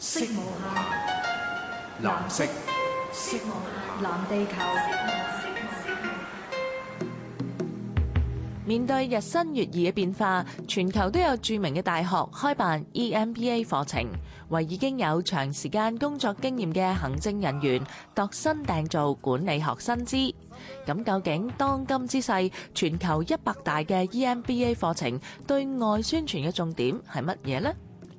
色無限，藍色。色無限，藍地球。面對日新月異嘅變化，全球都有著名嘅大學開辦 EMBA 課程，為已經有長時間工作經驗嘅行政人員度身訂造管理學薪資。咁究竟當今之世，全球一百大嘅 EMBA 課程對外宣傳嘅重點係乜嘢呢？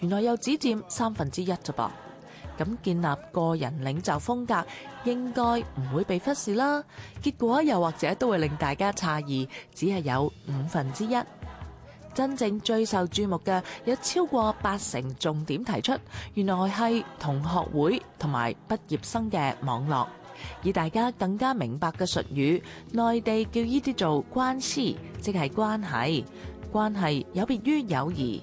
原來又只佔三分之一啫噃，咁建立個人領袖風格應該唔會被忽視啦。結果又或者都會令大家詫異，只係有五分之一。真正最受注目嘅，有超過八成重點提出，原來係同學會同埋畢業生嘅網絡。以大家更加明白嘅術語，內地叫呢啲做關係，即係關係。關係有別於友誼。